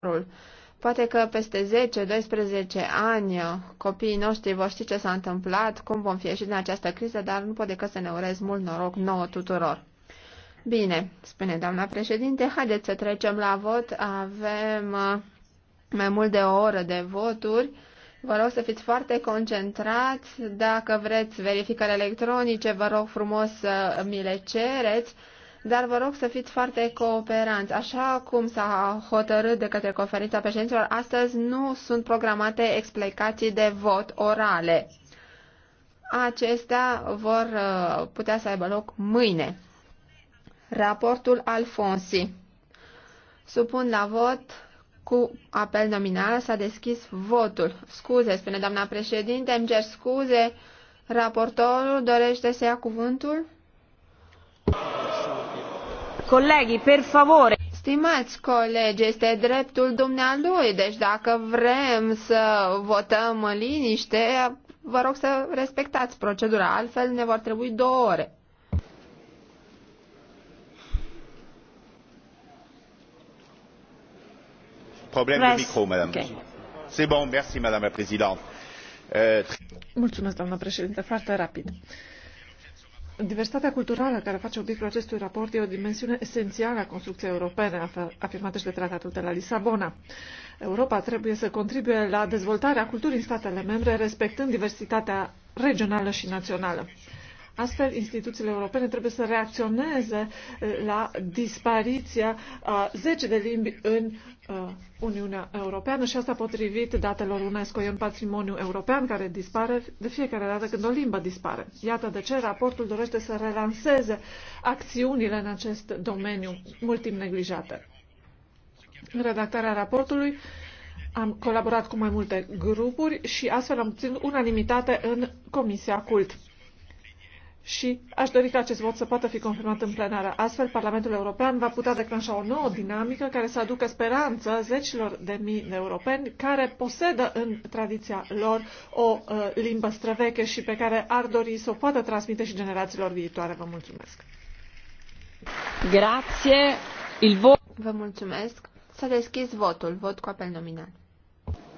viitorul. Poate că peste 10-12 ani copiii noștri vor ști ce s-a întâmplat, cum vom fi ieșit din această criză, dar nu pot decât să ne urez mult noroc nouă tuturor. Bine, spune doamna președinte, haideți să trecem la vot. Avem uh, mai mult de o oră de voturi. Vă rog să fiți foarte concentrați. Dacă vreți verificări electronice, vă rog frumos să mi le cereți dar vă rog să fiți foarte cooperanți. Așa cum s-a hotărât de către conferința președinților, astăzi nu sunt programate explicații de vot orale. Acestea vor uh, putea să aibă loc mâine. Raportul Alfonsi. Supun la vot cu apel nominal s-a deschis votul. Scuze, spune doamna președinte, îmi cer scuze. Raportorul dorește să ia cuvântul? Colegi, per favore. Stimați colegi, este dreptul dumnealui, deci dacă vrem să votăm în liniște, vă rog să respectați procedura, altfel ne vor trebui două ore. Problema de micro, madame. Okay. C'est bon, merci, madame la présidente. Euh, Mulțumesc, doamnă președinte, foarte rapid. Uh, Diversitatea culturală care face obiectul acestui raport e o dimensiune esențială a construcției europene, afirmată și de tratatul de la Lisabona. Europa trebuie să contribuie la dezvoltarea culturii în statele membre, respectând diversitatea regională și națională. Astfel, instituțiile europene trebuie să reacționeze eh, la dispariția a 10 de limbi în Uniunea Europeană și asta potrivit datelor UNESCO. E un patrimoniu european care dispare de fiecare dată când o limbă dispare. Iată de ce raportul dorește să relanseze acțiunile în acest domeniu mult timp neglijate. În redactarea raportului am colaborat cu mai multe grupuri și astfel am obținut unanimitate în Comisia Cult și aș dori ca acest vot să poată fi confirmat în plenară. Astfel, Parlamentul European va putea declanșa o nouă dinamică care să aducă speranță zecilor de mii de europeni care posedă în tradiția lor o uh, limbă străveche și pe care ar dori să o poată transmite și generațiilor viitoare. Vă mulțumesc! Grație! Il vo- Vă mulțumesc! S-a deschis votul. Vot cu apel nominal.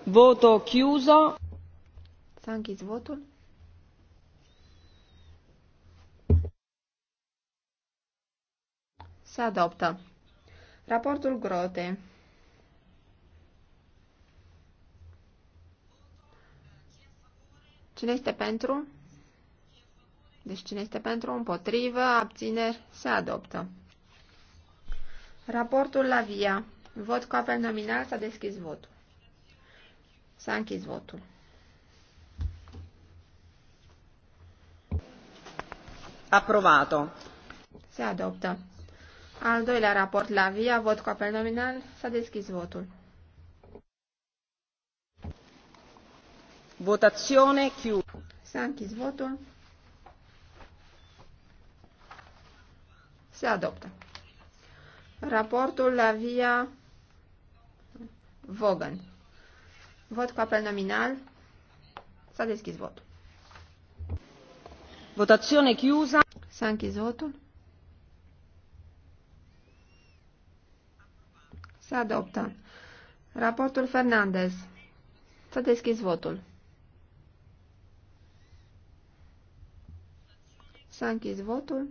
Voto chiuso. S-a închis votul. Se adoptă. Raportul Grote. Cine este pentru? Deci cine este pentru, împotrivă, abțineri, se adoptă. Raportul la via. Vot cu apel nominal s-a deschis votul. S-a închis votul. Aprovato. Se adoptă. Al doilea raport la VIA, vot cu apel nominal, s-a deschis votul. Votazione Q. S-a închis votul. Se adoptă. Raportul la via Vogan. Vot cu apel nominal. S-a deschis votul. Votazione chiusa. S-a închis votul. Se adoptă. Raportul Fernandez. Să deschis votul. S-a închis votul.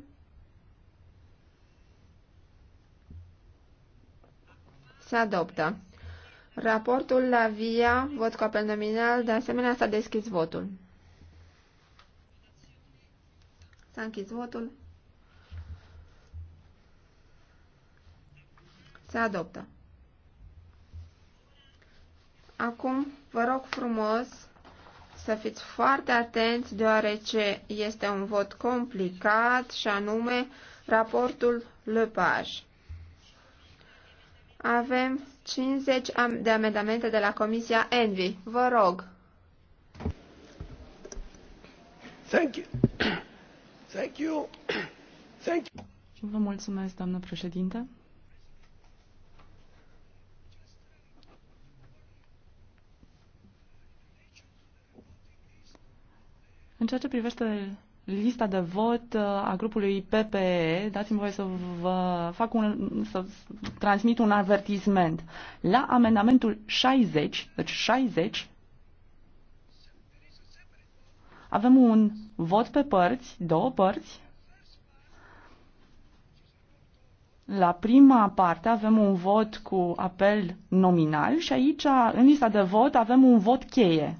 Se adoptă. Raportul la via, vot cu apel nominal, de asemenea s-a deschis votul. S-a închis votul. Se adoptă. Acum, vă rog frumos să fiți foarte atenți, deoarece este un vot complicat și anume raportul Lepage. Avem 50 de amendamente de la Comisia Envi. Vă rog. Thank you. Thank you. Thank you. Vă mulțumesc, doamnă președinte. În ceea ce privește lista de vot uh, a grupului PPE, dați-mi voie să vă fac un, să transmit un avertisment. La amendamentul 60, deci 60, avem un vot pe părți, două părți. La prima parte avem un vot cu apel nominal și aici, în lista de vot, avem un vot cheie.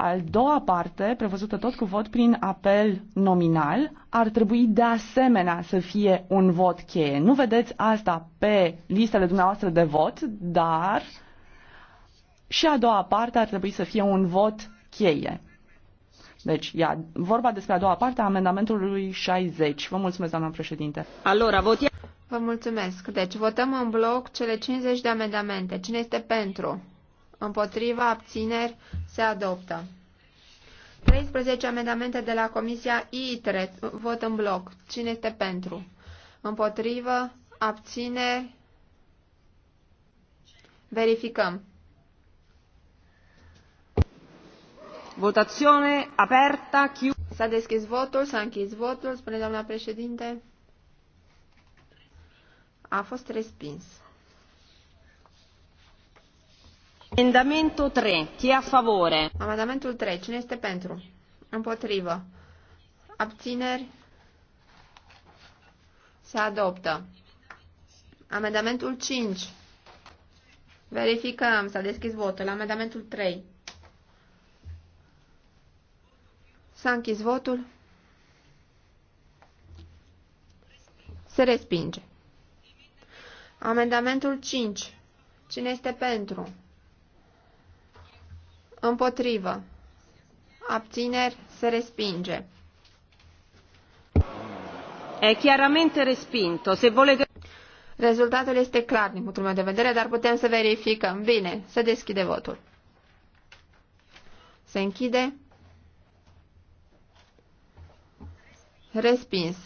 Al doua parte, prevăzută tot cu vot prin apel nominal, ar trebui de asemenea să fie un vot cheie. Nu vedeți asta pe listele dumneavoastră de vot, dar și a doua parte ar trebui să fie un vot cheie. Deci, ia, vorba despre a doua parte a amendamentului 60. Vă mulțumesc, doamna președinte. Alora, vot... Vă mulțumesc. Deci, votăm în bloc cele 50 de amendamente. Cine este pentru? împotriva, abțineri, se adoptă. 13 amendamente de la Comisia ITRE, vot în bloc. Cine este pentru? Împotrivă, abțineri, verificăm. Votazione aperta, chiu... S-a deschis votul, s-a închis votul, spune doamna președinte. A fost respins. Amendamentul 3. Chi a favore? Amendamentul 3. Cine este pentru? Împotrivă. Abțineri? Se adoptă. Amendamentul 5. Verificăm. S-a deschis votul. Amendamentul 3. S-a închis votul. Se respinge. Amendamentul 5. Cine este pentru? Împotrivă. Abțineri se respinge. E chiaramente respinto. Se vole... Rezultatul este clar din punctul meu de vedere, dar putem să verificăm. Bine, se deschide votul. Se închide. Respins.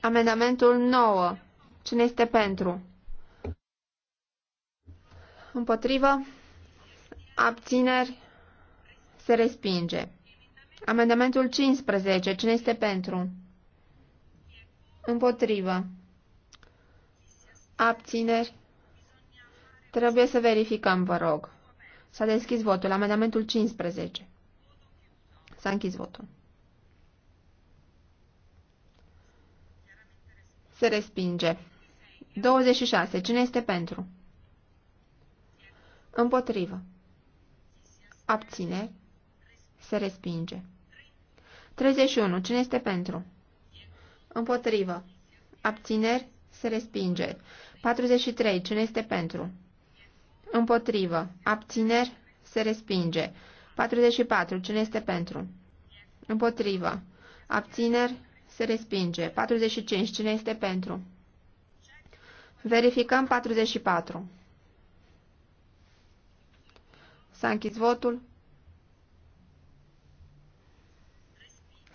Amendamentul 9. Cine este pentru? Împotrivă? Abțineri? Se respinge. Amendamentul 15. Cine este pentru? Împotrivă. Abțineri. Trebuie să verificăm, vă rog. S-a deschis votul. Amendamentul 15. S-a închis votul. Se respinge. 26. Cine este pentru? Împotrivă. Abțineri. Se respinge. 31. Cine este pentru? Împotrivă. Abțineri? Se respinge. 43. Cine este pentru? Împotrivă. Abțineri? Se respinge. 44. Cine este pentru? Împotrivă. Abțineri? Se respinge. 45. Cine este pentru? Verificăm 44. S-a închis votul.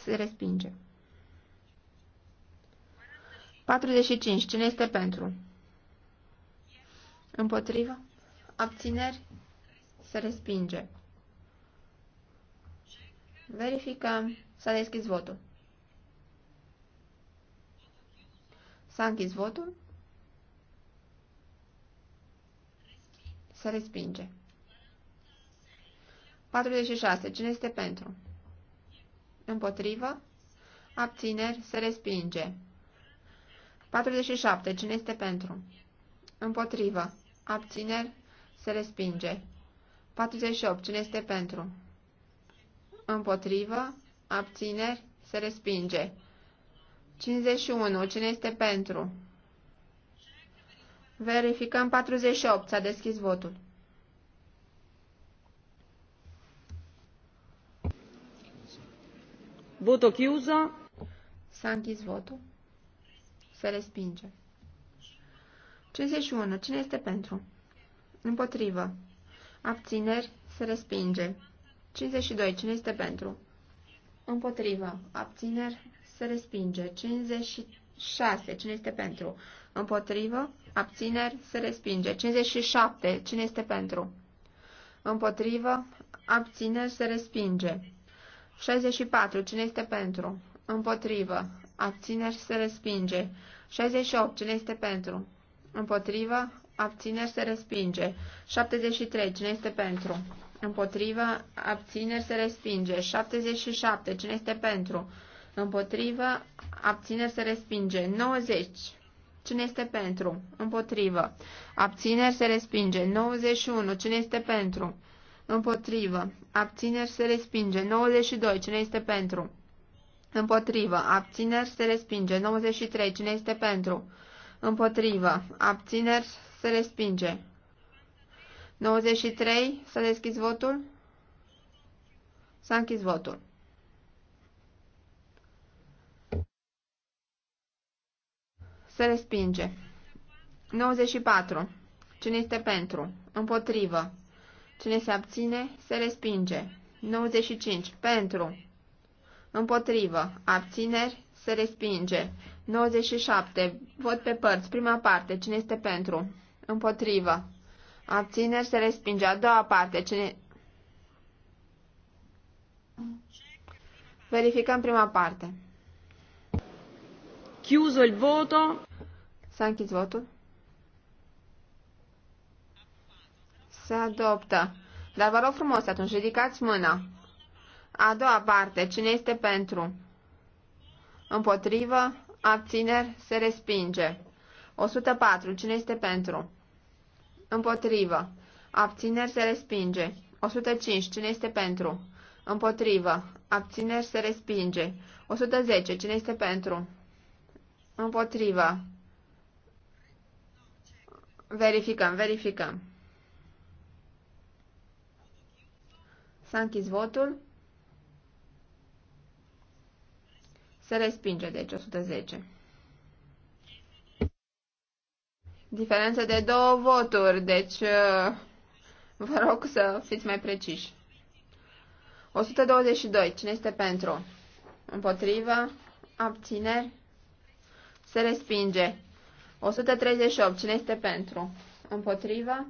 se respinge. 45. Cine este pentru? Împotrivă? Abțineri? Se respinge. Verificăm. S-a deschis votul. S-a închis votul. Se respinge. 46. Cine este pentru? Împotrivă. Abțineri. Se respinge. 47. Cine este pentru? Împotrivă. Abțineri. Se respinge. 48. Cine este pentru? Împotrivă. Abțineri. Se respinge. 51. Cine este pentru? Verificăm 48. S-a deschis votul. Voto chiuso. S-a închis votul. Se respinge. 51. Cine este pentru? Împotrivă. Abțineri. Se respinge. 52. Cine este pentru? Împotrivă. Abțineri. Se respinge. 56. Cine este pentru? Împotrivă. Abțineri. Se respinge. 57. Cine este pentru? Împotrivă. Abțineri. Se respinge. 64. Cine este pentru? Împotrivă. Abțineri se respinge. 68. Cine este pentru? Împotrivă. Abțineri se respinge. 73. Cine este pentru? Împotrivă. Abțineri se respinge. 77. Cine este pentru? Împotrivă. Abțineri se respinge. 90. Cine este pentru? Împotrivă. Abțineri se respinge. 91. Cine este pentru? Împotrivă. Abțineri se respinge. 92. Cine este pentru? Împotrivă. Abțineri se respinge. 93. Cine este pentru? Împotrivă. Abțineri se respinge. 93. S-a deschis votul. S-a închis votul. Se respinge. 94. Cine este pentru? Împotrivă. Cine se abține, se respinge. 95. Pentru. Împotrivă. Abțineri, se respinge. 97. Vot pe părți. Prima parte. Cine este pentru? Împotrivă. Abțineri, se respinge. A doua parte. Cine... Verificăm prima parte. Chiuso il voto. S-a închis votul. Se adoptă. Dar vă rog frumos, atunci ridicați mâna. A doua parte. Cine este pentru? Împotrivă. Abțineri. Se respinge. 104. Cine este pentru? Împotrivă. Abțineri. Se respinge. 105. Cine este pentru? Împotrivă. Abțineri. Se respinge. 110. Cine este pentru? Împotrivă. Verificăm, verificăm. S-a închis votul. Se respinge, deci, 110. Diferență de două voturi, deci uh, vă rog să fiți mai preciși. 122. Cine este pentru? Împotrivă? Abțineri? Se respinge. 138. Cine este pentru? Împotrivă?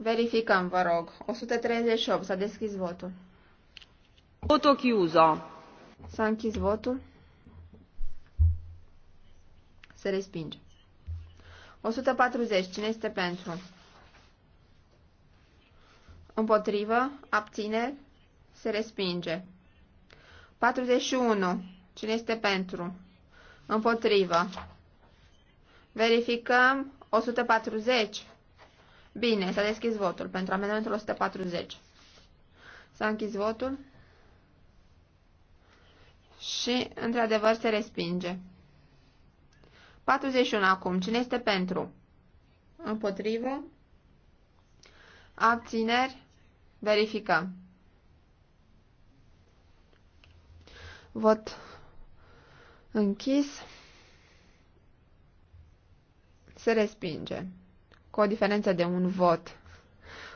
Verificăm, vă rog. 138. S-a deschis votul. Voto chiuso. S-a închis votul. Se respinge. 140. Cine este pentru? Împotrivă. Abține. Se respinge. 41. Cine este pentru? Împotrivă. Verificăm. 140. Bine, s-a deschis votul pentru amendamentul 140. S-a închis votul și, într-adevăr, se respinge. 41 acum. Cine este pentru? Împotrivă. Abțineri. Verificăm. Vot închis. Se respinge cu o diferență de un vot.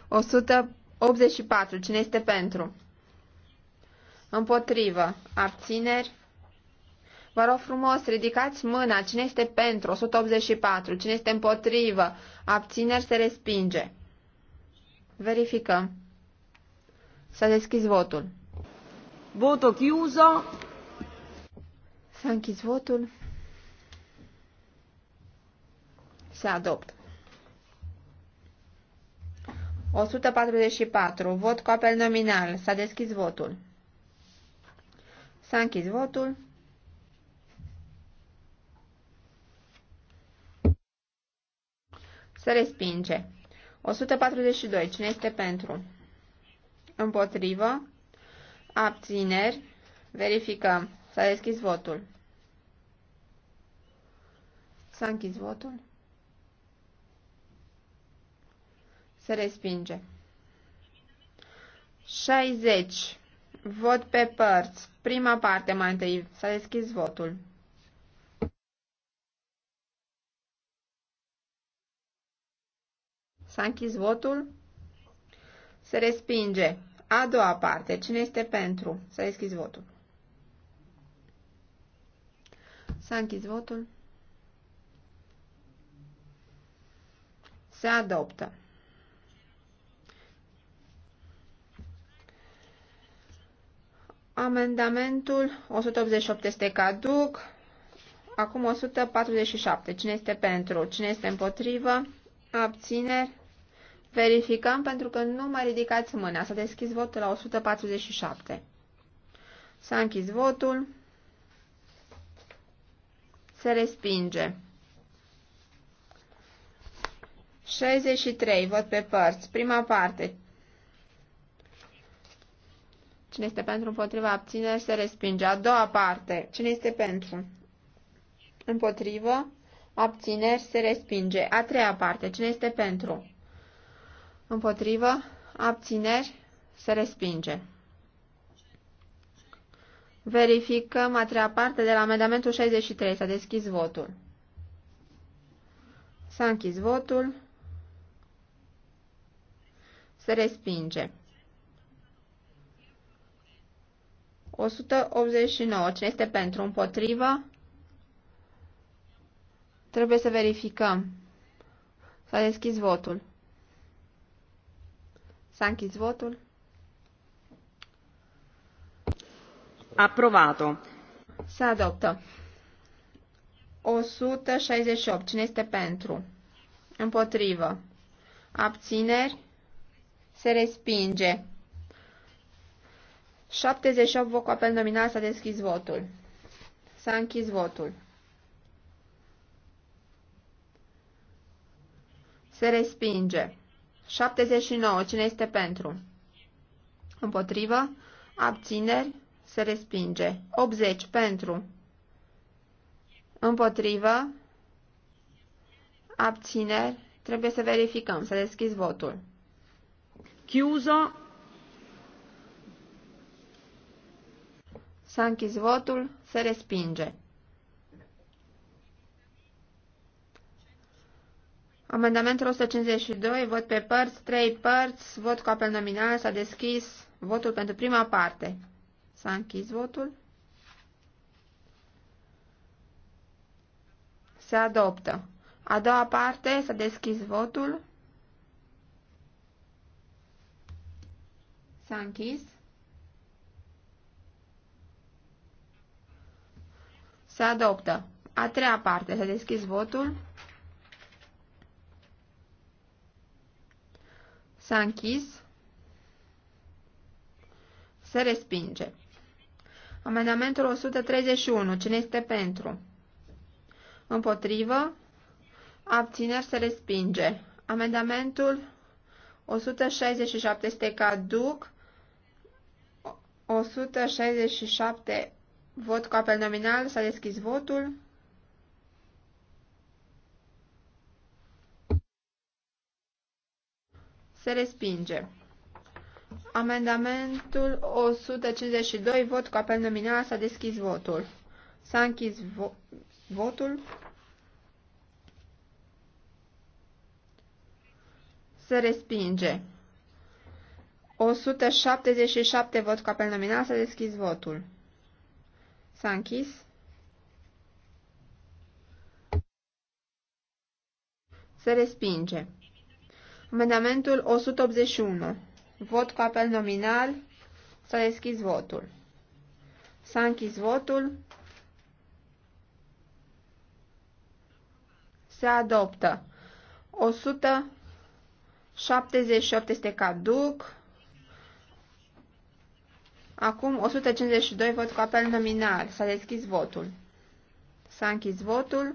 184. Cine este pentru? Împotrivă. Abțineri. Vă rog frumos, ridicați mâna. Cine este pentru? 184. Cine este împotrivă? Abțineri se respinge. Verificăm. S-a deschis votul. Voto chiuso. S-a închis votul. Se adoptă. 144. Vot cu apel nominal. S-a deschis votul. S-a închis votul. Se respinge. 142. Cine este pentru? Împotrivă. Abțineri. Verificăm. S-a deschis votul. S-a închis votul. Se respinge. 60. Vot pe părți. Prima parte mai întâi. S-a deschis votul. S-a închis votul. Se respinge. A doua parte. Cine este pentru? S-a deschis votul. S-a închis votul. Se adoptă. Amendamentul 188 este caduc. Acum 147. Cine este pentru? Cine este împotrivă? Abțineri? Verificăm pentru că nu mai ridicați mâna. S-a deschis votul la 147. S-a închis votul. Se respinge. 63. Vot pe părți. Prima parte. Cine este pentru, împotriva, abțineri, se respinge. A doua parte. Cine este pentru? Împotrivă, abțineri, se respinge. A treia parte. Cine este pentru? Împotrivă, abțineri, se respinge. Verificăm a treia parte de la amendamentul 63. S-a deschis votul. S-a închis votul. Se respinge. 189. Cine este pentru? Împotrivă? Trebuie să verificăm. S-a deschis votul. S-a închis votul. Aprovato. Se adoptă. 168. Cine este pentru? Împotrivă. Abțineri? Se respinge. 78 vot apel nominal s-a deschis votul. S-a închis votul. Se respinge. 79. Cine este pentru? Împotrivă. Abțineri. Se respinge. 80. Pentru. Împotrivă. Abțineri. Trebuie să verificăm. Să deschis votul. Chiuză. S-a închis votul, se respinge. Amendamentul 152, vot pe părți, 3 părți, vot cu apel nominal, s-a deschis votul pentru prima parte. S-a închis votul. Se adoptă. A doua parte, s-a deschis votul. S-a închis. Se adoptă. A treia parte. Să deschizi votul. S-a închis. Se respinge. Amendamentul 131. Cine este pentru? Împotrivă. Abțineri se respinge. Amendamentul 167 este caduc. 167 Vot cu apel nominal. S-a deschis votul. Se respinge. Amendamentul 152, vot cu apel nominal, s-a deschis votul. S-a închis vo votul. Se respinge. 177, vot cu apel nominal, s-a deschis votul. S-a închis. Se respinge. Amendamentul 181. Vot cu apel nominal. S-a deschis votul. S-a închis votul. Se adoptă. 178 este caduc. Acum 152 vot cu apel nominal. S-a deschis votul. S-a închis votul.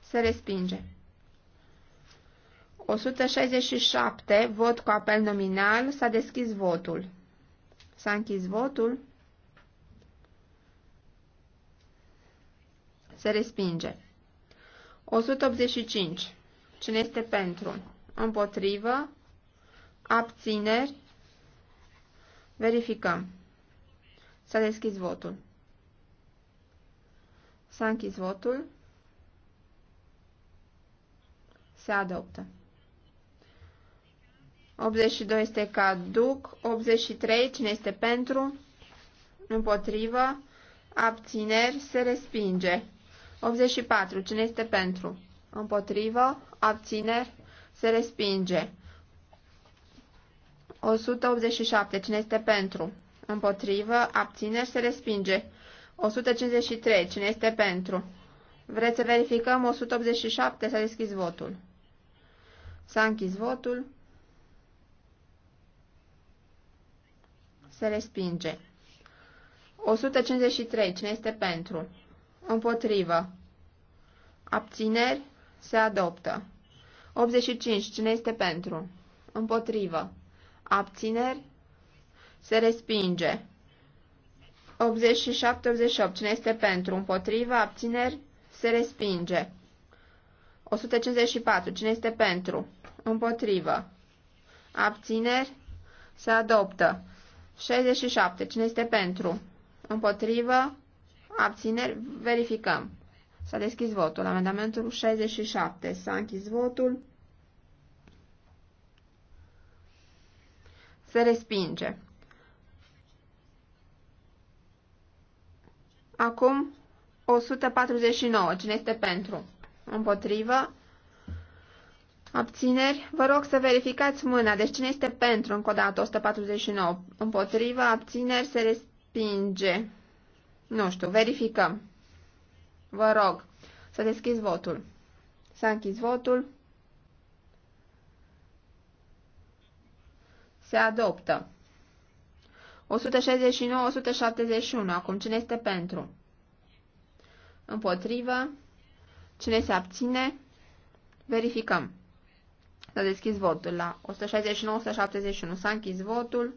Se respinge. 167 vot cu apel nominal. S-a deschis votul. S-a închis votul. Se respinge. 185. Cine este pentru? Împotrivă? abțineri, verificăm. S-a deschis votul. S-a închis votul. Se adoptă. 82 este caduc, 83, cine este pentru, împotrivă, abțineri, se respinge. 84, cine este pentru, împotrivă, abțineri, se respinge. 187. Cine este pentru? Împotrivă. Abțineri. Se respinge. 153. Cine este pentru? Vreți să verificăm 187? S-a deschis votul. S-a închis votul. Se respinge. 153. Cine este pentru? Împotrivă. Abțineri. Se adoptă. 85. Cine este pentru? Împotrivă. Abțineri? Se respinge. 87-88. Cine este pentru? Împotrivă? Abțineri? Se respinge. 154. Cine este pentru? Împotrivă. Abțineri? Se adoptă. 67. Cine este pentru? Împotrivă? Abțineri? Verificăm. S-a deschis votul. Amendamentul 67. S-a închis votul. Se respinge. Acum 149. Cine este pentru? Împotrivă. Abțineri. Vă rog să verificați mâna. Deci cine este pentru? Încă o dată 149. Împotrivă. Abțineri. Se respinge. Nu știu. Verificăm. Vă rog să deschizi votul. S-a închis votul. Se adoptă. 169-171. Acum cine este pentru? Împotrivă. Cine se abține? Verificăm. S-a deschis votul la 169-171. S-a închis votul.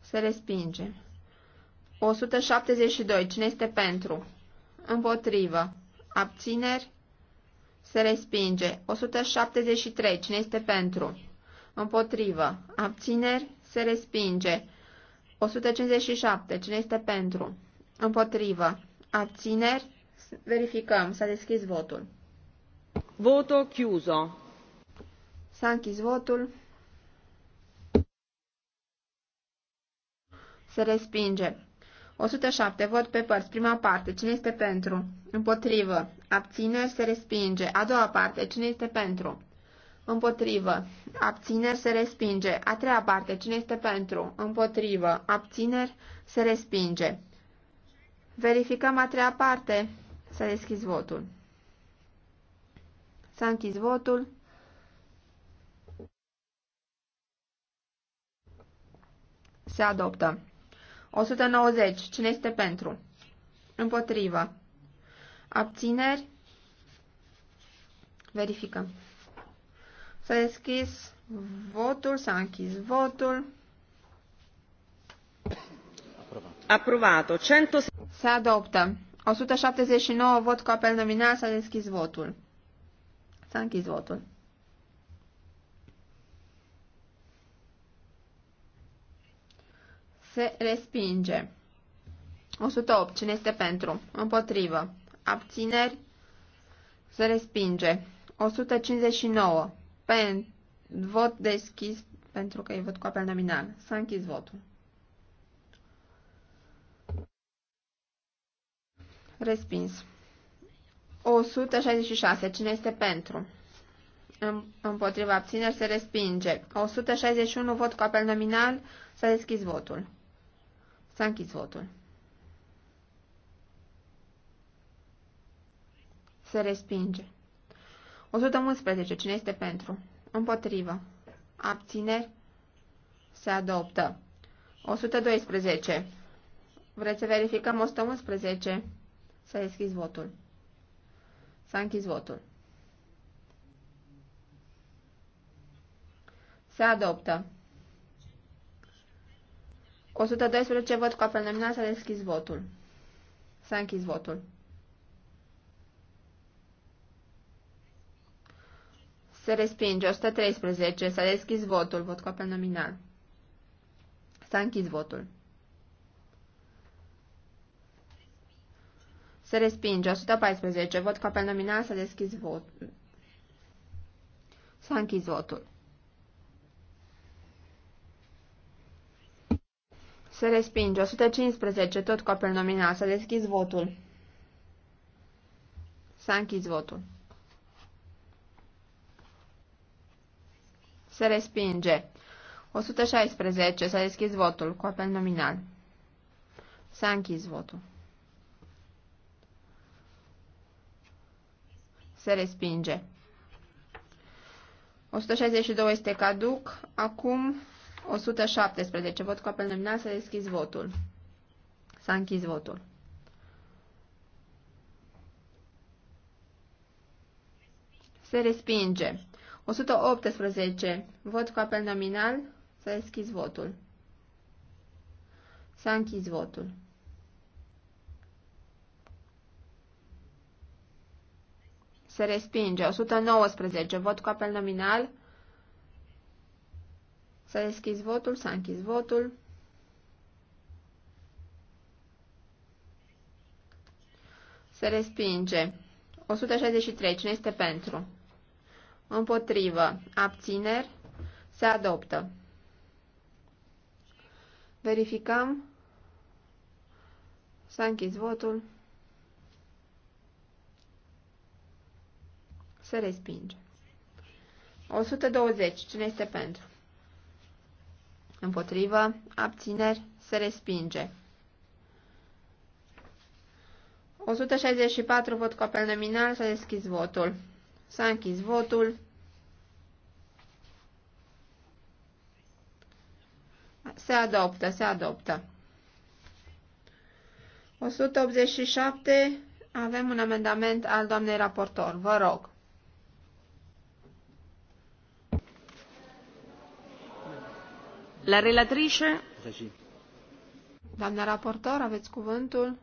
Se respinge. 172. Cine este pentru? Împotrivă. Abțineri. Se respinge. 173. Cine este pentru? Împotrivă. Abțineri. Se respinge. 157. Cine este pentru? Împotrivă. Abțineri. Verificăm. S-a deschis votul. Voto chiuso. S-a închis votul. Se respinge. 107. Vot pe părți. Prima parte. Cine este pentru? Împotrivă. Abțineri se respinge. A doua parte. Cine este pentru? Împotrivă. Abțineri se respinge. A treia parte. Cine este pentru? Împotrivă. Abțineri se respinge. Verificăm a treia parte. S-a deschis votul. S-a închis votul. Se adoptă. 190. Cine este pentru? Împotrivă. Abțineri. Verificăm. S-a deschis votul, s-a închis votul. Aprovat. 100... Se adoptă. 179 vot cu apel nominal, s-a deschis votul. S-a închis votul. se respinge. 108. Cine este pentru? Împotrivă. Abțineri se respinge. 159. Pen, vot deschis pentru că e vot cu apel nominal. S-a închis votul. Respins. 166. Cine este pentru? Împotriva abțineri se respinge. 161. Vot cu apel nominal. S-a deschis votul. S-a închis votul. Se respinge. 111. Cine este pentru? Împotrivă. Abțineri? Se adoptă. 112. Vreți să verificăm 111? S-a deschis votul. S-a închis votul. Se adoptă. 112 văd cu apel nominal s-a deschis votul. S-a închis votul. Se respinge. 113. S-a deschis votul. Vot cu apel nominal. S-a închis votul. Se respinge. 114. Vot cu apel nominal. S-a deschis votul. S-a închis votul. Se respinge. 115. Tot cu apel nominal. S-a deschis votul. S-a închis votul. Se respinge. 116. S-a deschis votul cu apel nominal. S-a închis votul. Se respinge. 162 este caduc. Acum 117. Vot cu apel nominal. S-a deschis votul. S-a închis votul. Se respinge. 118. Vot cu apel nominal. S-a deschis votul. S-a închis votul. Se respinge. 119. Vot cu apel nominal. S-a deschis votul, s-a închis votul. Se respinge. 163. Cine este pentru? Împotrivă. Abțineri. Se adoptă. Verificăm. S-a închis votul. Se respinge. 120. Cine este pentru? Împotrivă. Abțineri. Se respinge. 164 vot cu apel nominal. S-a deschis votul. S-a închis votul. Se adoptă, se adoptă. 187. Avem un amendament al doamnei raportor. Vă rog. La relatrice? Doamna raportor, aveți cuvântul.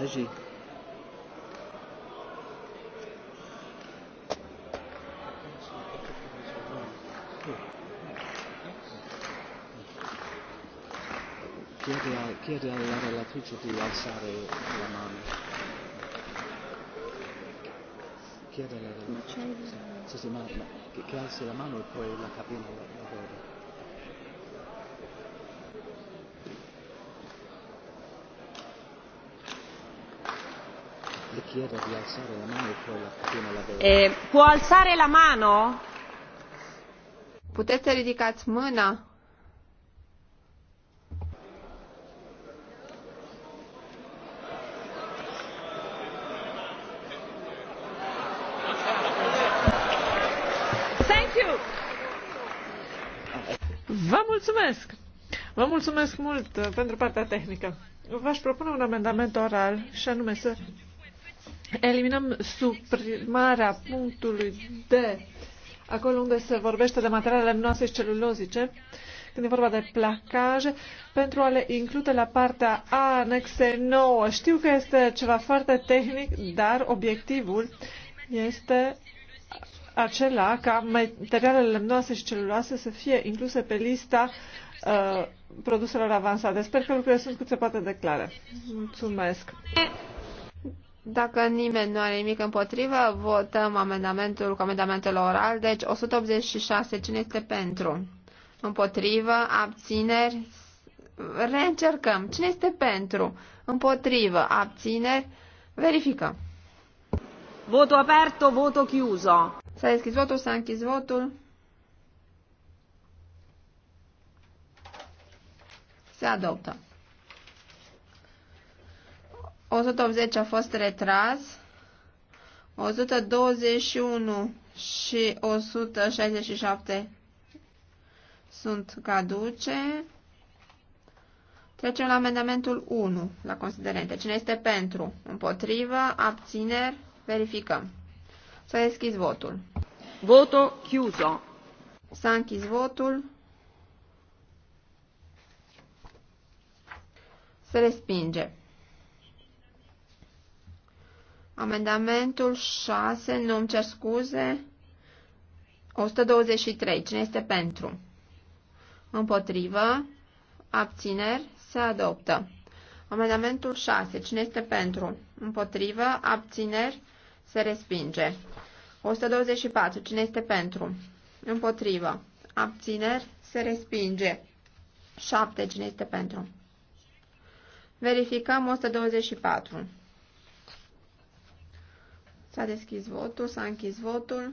Regie. l'ufficio di alzare la mano. Chiedere sì, sì, ma, ma, che, che alzi la deci mano e poi la cabina lavora. Le chiedo di alzare la mano e poi la lavora. Eh, può alzare la mano? Puteți să ridicați mâna? Mulțumesc mult uh, pentru partea tehnică. V-aș propune un amendament oral și anume să eliminăm suprimarea punctului D acolo unde se vorbește de materialele noastre și celulozice, când e vorba de placaje, pentru a le include la partea A anexei 9. Știu că este ceva foarte tehnic, dar obiectivul este acela ca materialele lemnoase și celuloase să fie incluse pe lista uh, Uh, produselor avansate. Sper că lucrurile sunt cât se poate de clare. Mulțumesc. Dacă nimeni nu are nimic împotrivă, votăm amendamentul cu amendamentul oral. Deci 186. Cine este pentru? Împotrivă? Abțineri? Reîncercăm. Cine este pentru? Împotrivă? Abțineri? Verificăm. Votul aperto, votul chiuso. S-a deschis votul, s-a închis votul. Se adoptă. 180 a fost retras. 121 și 167 sunt caduce. Trecem la amendamentul 1, la considerente. Cine este pentru? Împotrivă? Abțineri? Verificăm. S-a deschis votul. Voto chiuso. S-a închis votul. Se respinge. Amendamentul 6, nu-mi cer scuze, 123. Cine este pentru? Împotrivă. Abțineri. Se adoptă. Amendamentul 6. Cine este pentru? Împotrivă. Abțineri. Se respinge. 124. Cine este pentru? Împotrivă. Abțineri. Se respinge. 7. Cine este pentru? Verificăm 124. S-a deschis votul, s-a închis votul.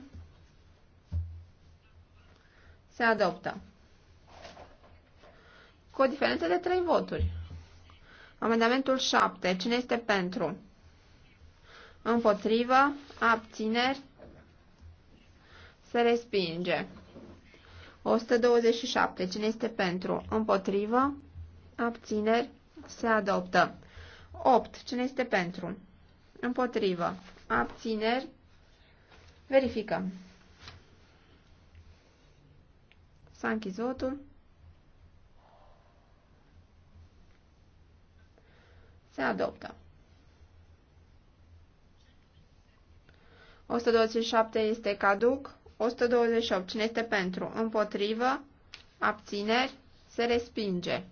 Se adoptă. Cu o diferență de 3 voturi. Amendamentul 7. Cine este pentru? Împotrivă, abțineri, se respinge. 127. Cine este pentru? Împotrivă, abțineri, se adoptă. 8. Cine este pentru? Împotrivă. Abțineri. Verificăm. S-a închis votul. Se adoptă. 127 este caduc. 128. Cine este pentru? Împotrivă. Abțineri. Se respinge.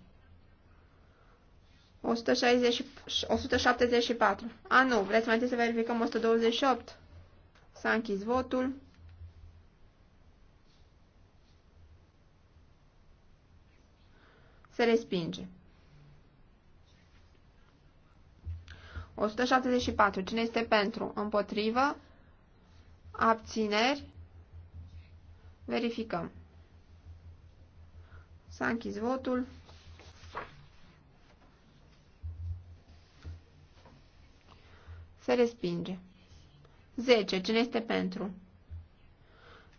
174. A, nu. Vreți mai întâi să verificăm 128? S-a închis votul. Se respinge. 174. Cine este pentru? Împotrivă? Abțineri? Verificăm. S-a închis votul. Se respinge. 10. Cine este pentru?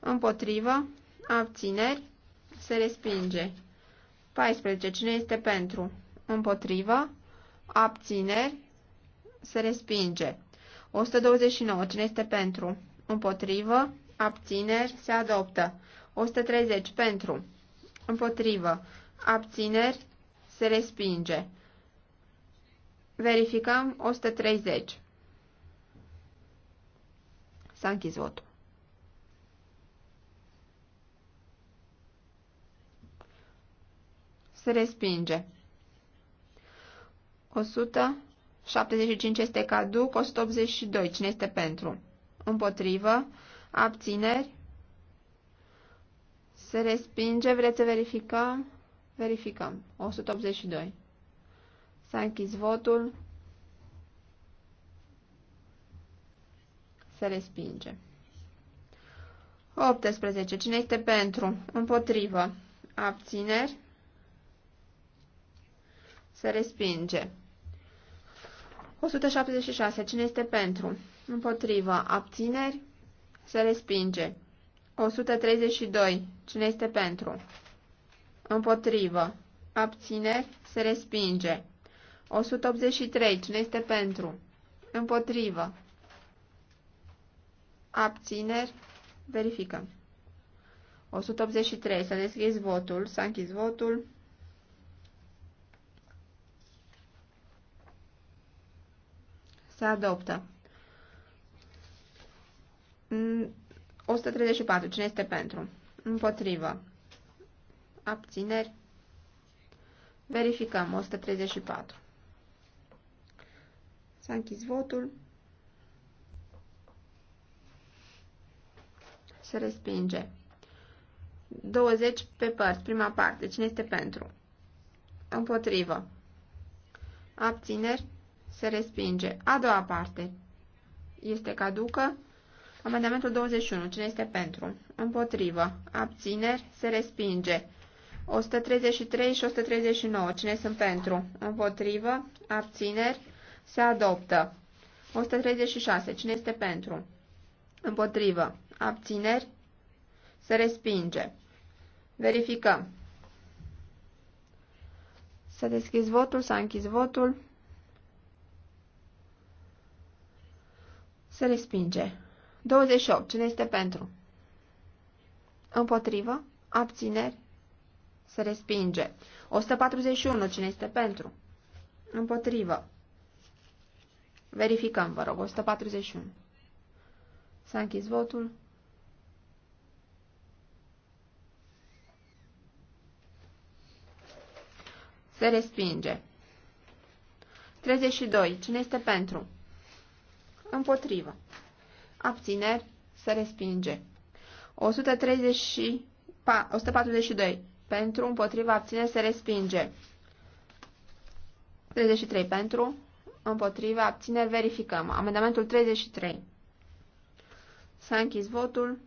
Împotrivă. Abțineri. Se respinge. 14. Cine este pentru? Împotrivă. Abțineri. Se respinge. 129. Cine este pentru? Împotrivă. Abțineri. Se adoptă. 130. Pentru. Împotrivă. Abțineri. Se respinge. Verificăm 130. S-a închis votul. Se respinge. 175 este caduc, 182. Cine este pentru? Împotrivă. Abțineri. Se respinge. Vreți să verificăm? Verificăm. 182. S-a închis votul. se respinge. 18. Cine este pentru? Împotrivă. Abțineri. Se respinge. 176. Cine este pentru? Împotrivă. Abțineri. Se respinge. 132. Cine este pentru? Împotrivă. Abțineri. Se respinge. 183. Cine este pentru? Împotrivă abțineri, verificăm. 183. Să deschizi votul. S-a închis votul. Se adoptă. 134. Cine este pentru? Împotrivă. Abțineri. Verificăm. 134. S-a închis votul. se respinge. 20 pe părți, prima parte. Cine este pentru? Împotrivă. Abțineri, se respinge. A doua parte. Este caducă. Amendamentul 21. Cine este pentru? Împotrivă. Abțineri, se respinge. 133 și 139. Cine sunt pentru? Împotrivă. Abțineri, se adoptă. 136. Cine este pentru? Împotrivă abțineri, se respinge. Verificăm. S-a deschis votul, s-a închis votul. Se respinge. 28. Cine este pentru? Împotrivă, abțineri, se respinge. 141. Cine este pentru? Împotrivă. Verificăm, vă rog, 141. S-a închis votul. Se respinge. 32. Cine este pentru? Împotrivă. Abțineri. Se respinge. 134, 142. Pentru, împotrivă, abține, se respinge. 33. Pentru, împotrivă, abțineri, verificăm. Amendamentul 33. S-a închis votul.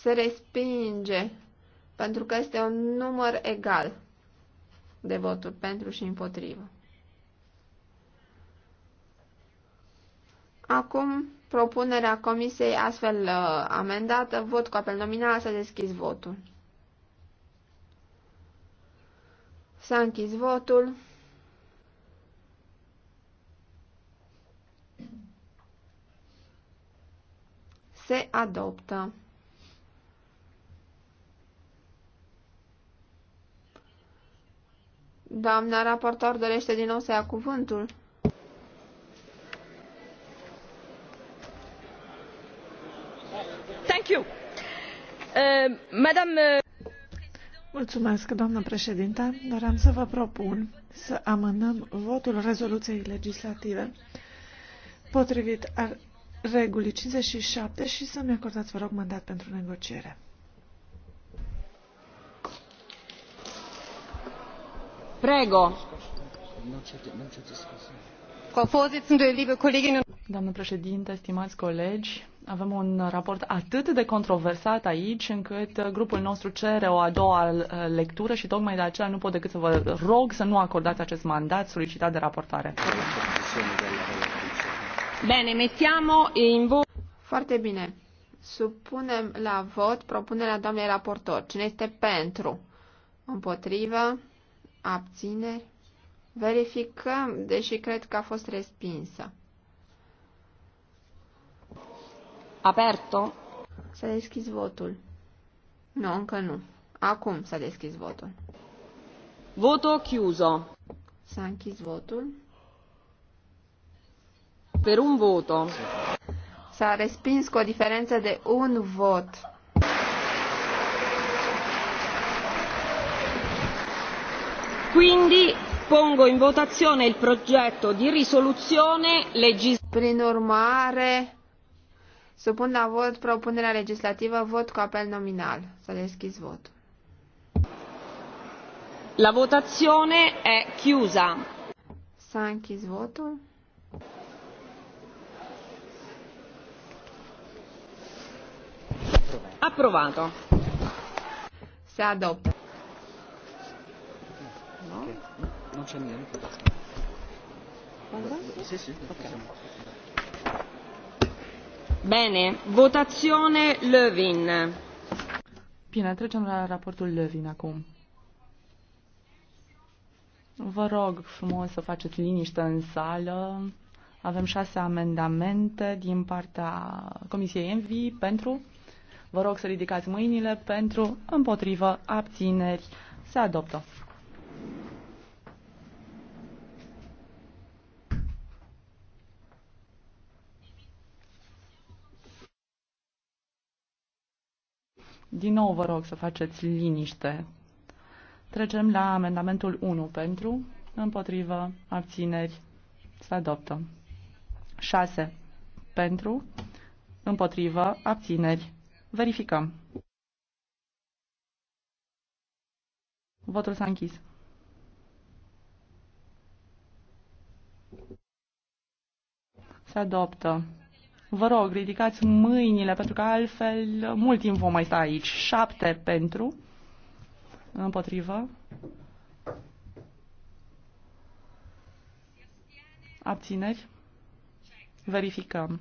se respinge pentru că este un număr egal de voturi pentru și împotrivă. Acum, propunerea comisiei astfel uh, amendată, vot cu apel nominal, să deschis votul. S-a închis votul. Se adoptă. Doamna raportor dorește din nou să ia cuvântul. Thank you. Uh, Madame... Uh, Mulțumesc, doamnă președinte. Doream să vă propun să amânăm votul rezoluției legislative potrivit regulii 57 și să-mi acordați, vă rog, mandat pentru negociere. Doamnă președinte, stimați colegi, avem un raport atât de controversat aici încât grupul nostru cere o a doua uh, lectură și tocmai de aceea nu pot decât să vă rog să nu acordați acest mandat solicitat de raportare. Bine, mettiamo in vo. Foarte bine. Supunem la vot propunerea doamnei raportor. Cine este pentru? Împotrivă? abțineri, verificăm, deși cred că a fost respinsă. Aperto. S-a deschis votul. Nu, încă nu. Acum s-a deschis votul. Voto chiuso. S-a închis votul. Per un voto. S-a respins cu o diferență de un vot. Quindi pongo in votazione il progetto di risoluzione legislativa. Prin urmare, supun la vot propunerea legislativă, vot cu apel nominal. S-a deschis votul. La votazione è chiusa. S-a închis votul. Approvato. Se adoptă. Non c'è niente. Sì, sì, Bene, votazione Lövin. Bine, trecem la raportul Lövin acum. Vă rog frumos să faceți liniște în sală. Avem șase amendamente din partea Comisiei Envi pentru. Vă rog să ridicați mâinile pentru, împotrivă, abțineri. Se adoptă. Din nou vă rog să faceți liniște. Trecem la amendamentul 1 pentru, împotrivă, abțineri, se adoptă. 6 pentru, împotrivă, abțineri, verificăm. Votul s-a închis. Se adoptă. Vă rog, ridicați mâinile, pentru că altfel mult timp vom mai sta aici. șapte pentru, împotrivă. Abțineri? Verificăm.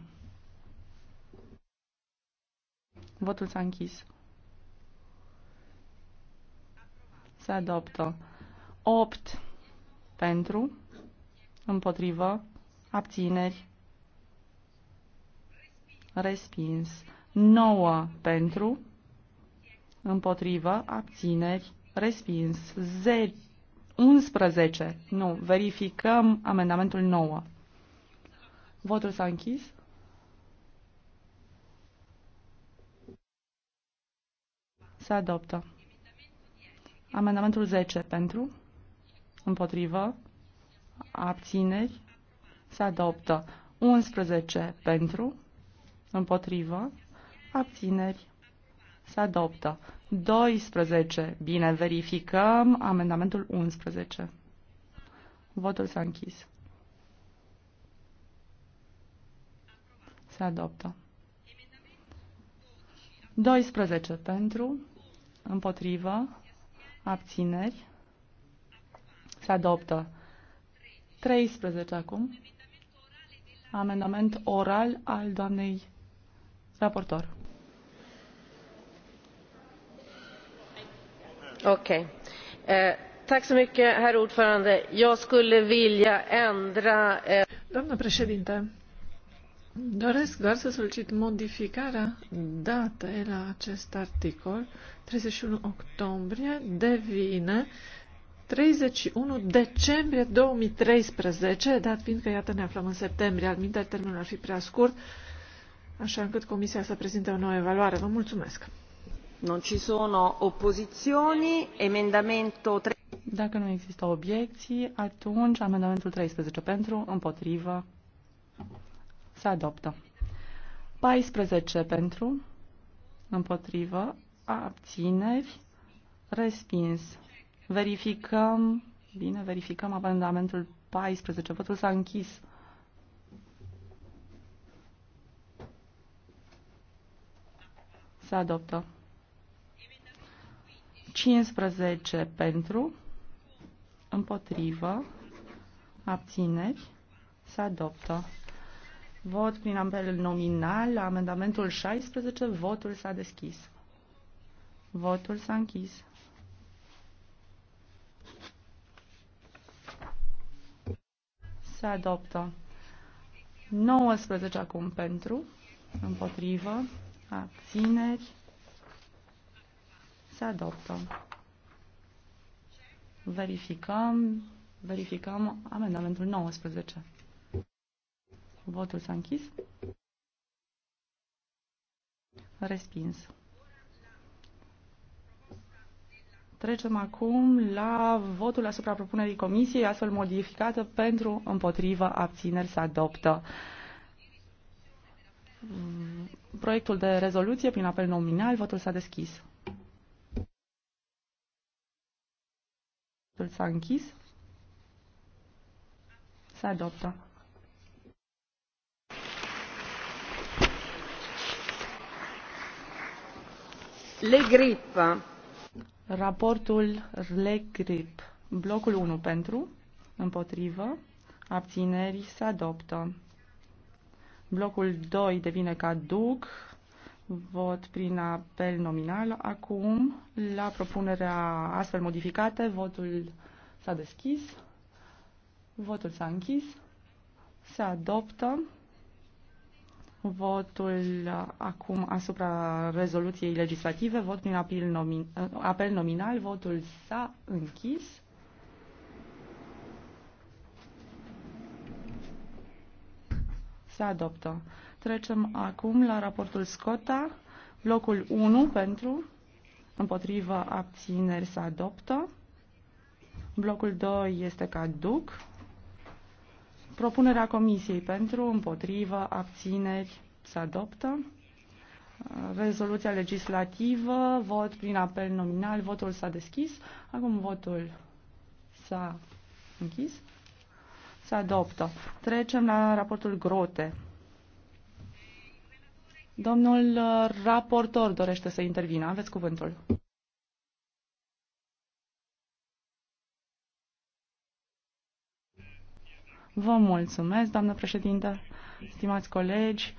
Votul s-a închis. Se adoptă. 8 pentru, împotrivă, abțineri, respins. 9 pentru, împotrivă, abțineri, respins. 10, 11, nu, verificăm amendamentul 9. Votul s-a închis. Se adoptă. Amendamentul 10 pentru, împotrivă, abțineri, se adoptă. 11 pentru, Împotrivă. Abțineri. Se adoptă. 12. Bine, verificăm amendamentul 11. Votul s-a închis. Se adoptă. 12 pentru, împotrivă, abțineri. Se adoptă. 13 acum. Amendament oral al doamnei raportor. Okej. Okay. Eh, tack så mycket, herr ordförande. Jag skulle vilja ändra... Eh, Doamnă președinte, doresc doar să solicit modificarea datei la acest articol. 31 octombrie devine 31 decembrie 2013, dat fiindcă, iată, ne aflăm în septembrie, al minte termenul ar fi prea scurt, uh, așa încât Comisia să prezinte o nouă evaluare. Vă mulțumesc! Non ci sono opposizioni, emendamento 3. Dacă nu există obiecții, atunci amendamentul 13 pentru, împotrivă, se adoptă. 14 pentru, împotrivă, abțineri, respins. Verificăm, bine, verificăm amendamentul 14. Votul s-a închis. Se adoptă. 15 pentru, împotrivă, abțineri, se adoptă. Vot prin apel nominal, amendamentul 16, votul s-a deschis. Votul s-a închis. Se adoptă. 19 acum pentru, împotrivă, abțineri, se adoptă. Verificăm, verificăm amendamentul 19. Votul s-a închis. Respins. Trecem acum la votul asupra propunerii comisiei, astfel modificată pentru împotrivă abțineri se adoptă. Mm, proiectul de rezoluție prin apel nominal. Votul s-a deschis. Votul s-a închis. Se adoptă. Le grip. Raportul Le grip. Blocul 1 pentru, împotrivă, abțineri se adoptă. Blocul 2 devine caduc. Vot prin apel nominal acum. La propunerea astfel modificată, votul s-a deschis. Votul s-a închis. Se adoptă votul uh, acum asupra rezoluției legislative, vot prin apel, nomin, uh, apel nominal, votul s-a închis. se adoptă. Trecem acum la raportul Scota, blocul 1 pentru, împotriva abțineri se adoptă. Blocul 2 este caduc. Propunerea Comisiei pentru, împotriva abțineri se adoptă. Rezoluția legislativă, vot prin apel nominal, votul s-a deschis, acum votul s-a închis. Se adoptă. Trecem la raportul Grote. Domnul uh, raportor dorește să intervină. Aveți cuvântul. Vă mulțumesc, doamnă președinte, stimați colegi.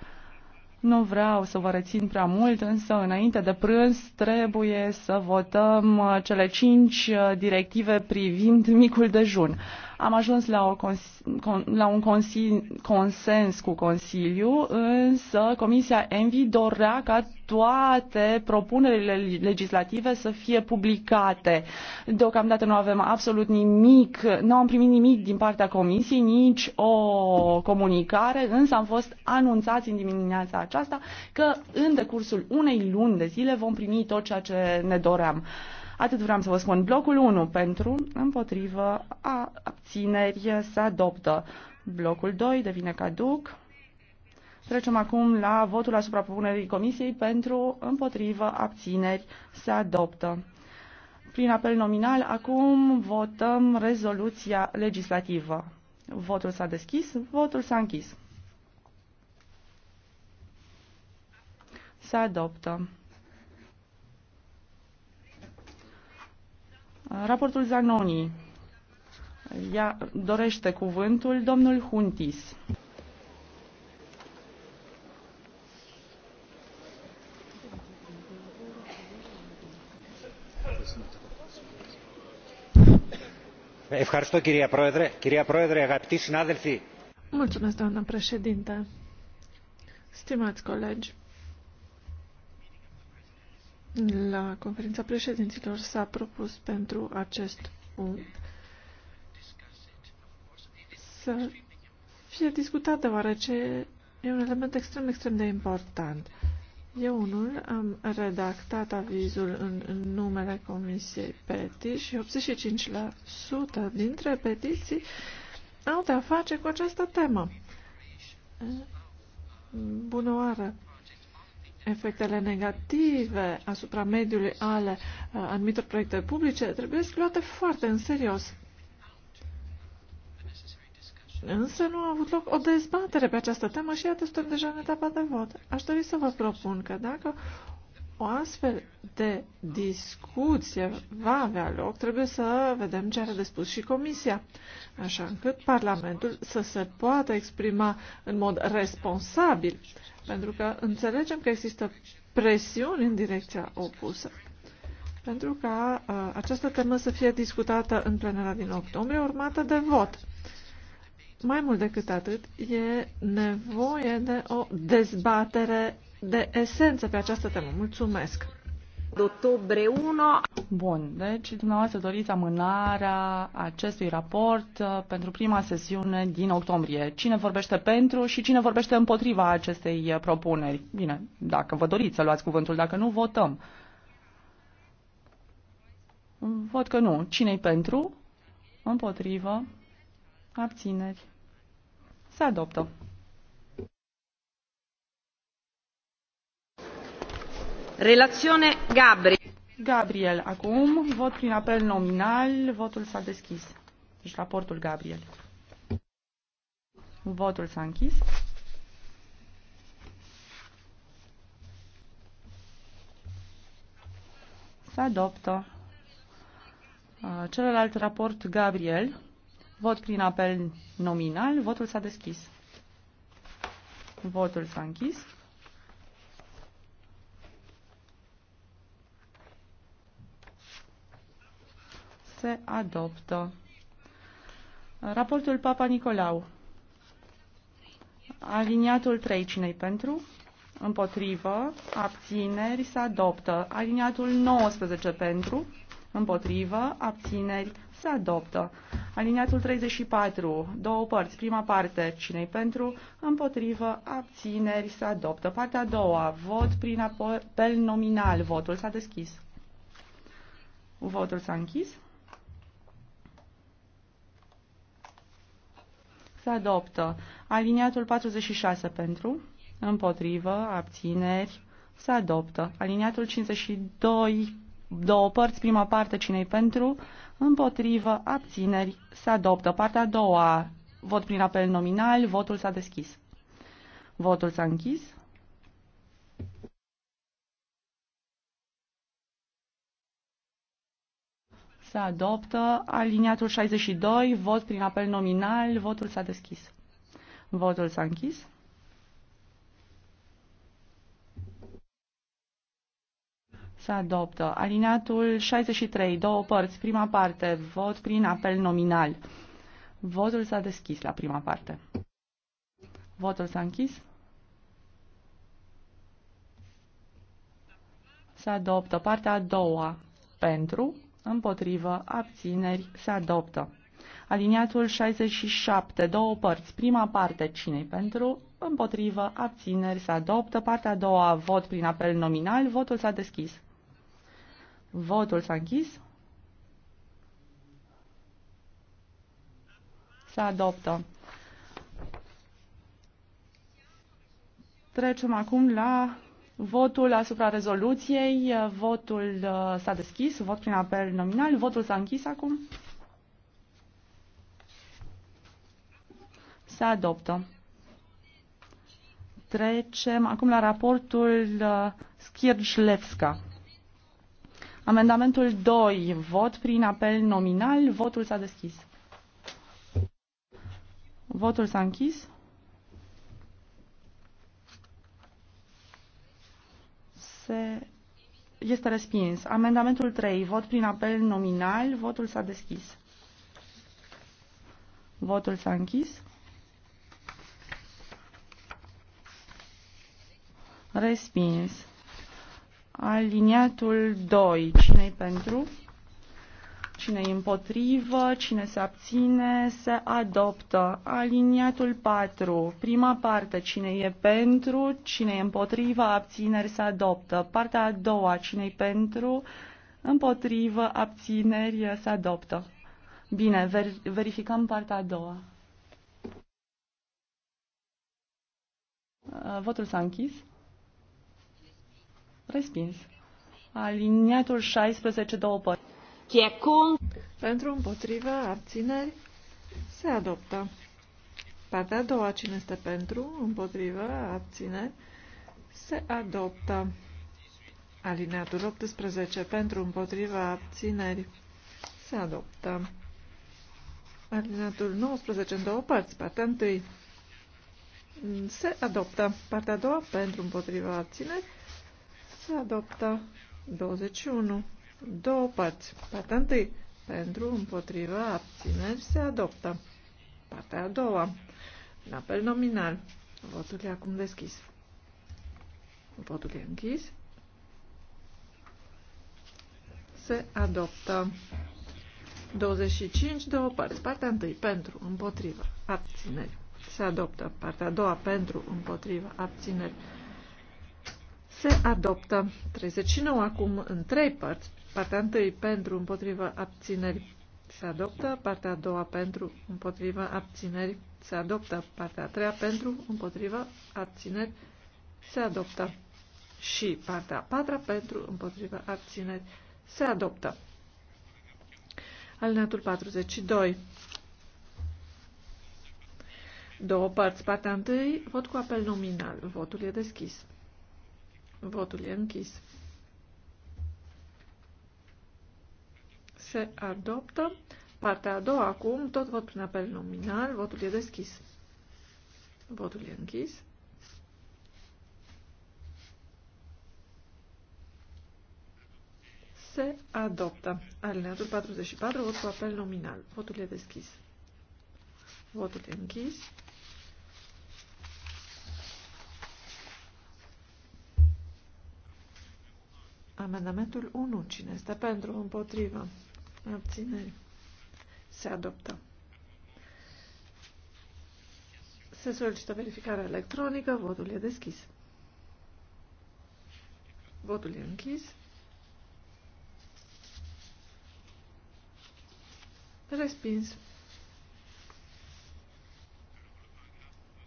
Nu vreau să vă rețin prea mult, însă înainte de prânz trebuie să votăm uh, cele cinci uh, directive privind micul dejun. Am ajuns la, o cons- con- la un consi- consens cu Consiliu, însă Comisia Envi dorea ca toate propunerile legislative să fie publicate. Deocamdată nu avem absolut nimic, nu am primit nimic din partea Comisiei, nici o comunicare, însă am fost anunțați în dimineața aceasta că în decursul unei luni de zile vom primi tot ceea ce ne doream. Uh, Atât vreau să vă spun. Blocul 1 pentru, împotrivă, a, abțineri se adoptă. Blocul 2 devine caduc. Trecem acum la votul asupra propunerii Comisiei pentru, împotrivă, abțineri se adoptă. Prin apel nominal, acum votăm rezoluția legislativă. Votul s-a deschis, votul s-a închis. Se adoptă. Raportul Zanoni. Ea dorește cuvântul domnul Huntis. Mulțumesc, doamnă președinte. Stimați colegi, la conferința președinților s-a propus pentru acest punct să fie discutat, deoarece e un element extrem, extrem de important. Eu unul am redactat avizul în numele Comisiei PETI și 85% dintre petiții au de-a face cu această temă. Bună oară! efectele negative asupra mediului ale uh, anumitor proiecte publice trebuie luate foarte în serios. Însă nu a avut loc o dezbatere pe această temă și iată, suntem deja în etapa de vot. Aș dori să vă propun că dacă o astfel de discuție va avea loc, trebuie să vedem ce are de spus și Comisia, așa încât Parlamentul să se poată exprima în mod responsabil, pentru că înțelegem că există presiuni în direcția opusă. Pentru ca uh, această temă să fie discutată în plenara din octombrie, urmată de vot. Mai mult decât atât, e nevoie de o dezbatere de esență pe această temă. Mulțumesc! Octombrie 1. Bun, deci dumneavoastră doriți amânarea acestui raport uh, pentru prima sesiune din octombrie. Cine vorbește pentru și cine vorbește împotriva acestei uh, propuneri? Bine, dacă vă doriți să luați cuvântul, dacă nu, votăm. Văd că nu. Cine-i pentru? Împotrivă? Abțineri? Se adoptă. Relazione Gabriel. Gabriel, acum vot prin apel nominal, votul s-a deschis. Deci raportul Gabriel. Votul s-a închis. Se adoptă. Uh, celălalt raport, Gabriel, vot prin apel nominal, votul s-a deschis. Votul s-a închis. se adoptă. Raportul Papa Nicolau. Aliniatul 3, cine pentru? Împotrivă. Abțineri se adoptă. Aliniatul 19 pentru. Împotrivă. Abțineri se adoptă. Aliniatul 34, două părți. Prima parte, cine pentru? Împotrivă. Abțineri se adoptă. Partea a doua, vot prin apel nominal. Votul s-a deschis. Votul s-a închis. Se adoptă. Aliniatul 46 pentru, împotrivă, abțineri, se adoptă. Aliniatul 52, două părți, prima parte, cinei pentru, împotrivă, abțineri, se adoptă. Partea a doua, vot prin apel nominal, votul s-a deschis. Votul s-a închis. Se adoptă. Aliniatul 62, vot prin apel nominal, votul s-a deschis. Votul s-a închis. Se adoptă. Alineatul 63, două părți, prima parte, vot prin apel nominal. Votul s-a deschis la prima parte. Votul s-a închis. Se adoptă partea a doua pentru, împotrivă, abțineri, se adoptă. Aliniatul 67, două părți. Prima parte, cine pentru, împotrivă, abțineri, se adoptă. Partea a doua, vot prin apel nominal, votul s-a deschis. Votul s-a închis. Se adoptă. Trecem acum la Votul asupra rezoluției, votul uh, s-a deschis, vot prin apel nominal, votul s-a închis acum. Se adoptă. Trecem acum la raportul uh, Schirjlevska. Amendamentul 2, vot prin apel nominal, votul s-a deschis. Votul s-a închis. se, este respins. Amendamentul 3, vot prin apel nominal, votul s-a deschis. Votul s-a închis. Respins. Aliniatul 2, cine i pentru? Cine e împotrivă, cine se abține, se adoptă. Aliniatul 4, prima parte, cine e pentru, cine e împotriva, abțineri, se adoptă. Partea a doua, cine e pentru, împotrivă, abțineri, se adoptă. Bine, ver- verificăm partea a doua. Uh, votul s-a închis. Respins. Aliniatul 16, două părți. Chi e con... Pentru împotriva abțineri, se adoptă. Partea a doua, cine este pentru, împotriva abțineri, se adoptă. Alineatul 18, pentru, împotriva abțineri, se adoptă. Alineatul 19, în două părți, partea întâi, se adoptă. Partea a doua, pentru, împotriva abțineri, se adoptă. 21. Două părți. Partea întâi pentru, împotriva, abțineri se adoptă. Partea a doua. În apel nominal. Votul e acum deschis. Votul e închis. Se adoptă. 25, două părți. Partea întâi pentru, împotriva, abțineri. Se adoptă. Partea a doua pentru, împotriva, abțineri. Se adoptă. 39 acum în trei părți. Partea 1 pentru împotriva abțineri se adoptă, partea a doua pentru împotriva abțineri se adoptă, partea a treia pentru împotriva abțineri se adoptă și partea a patra pentru împotriva abțineri se adoptă. Alineatul 42. Două părți. Partea întâi, vot cu apel nominal. Votul e deschis. Votul e închis. se adoptă. Partea a doua acum, tot vot prin apel nominal, votul e deschis. Votul e închis. Se adoptă. Alineatul 44, vot cu apel nominal. Votul e deschis. Votul e închis. Amendamentul 1. Cine este pentru? Împotrivă. Abțineri. Se adoptă. Se solicită verificarea electronică. Votul e deschis. Votul e închis. Respins.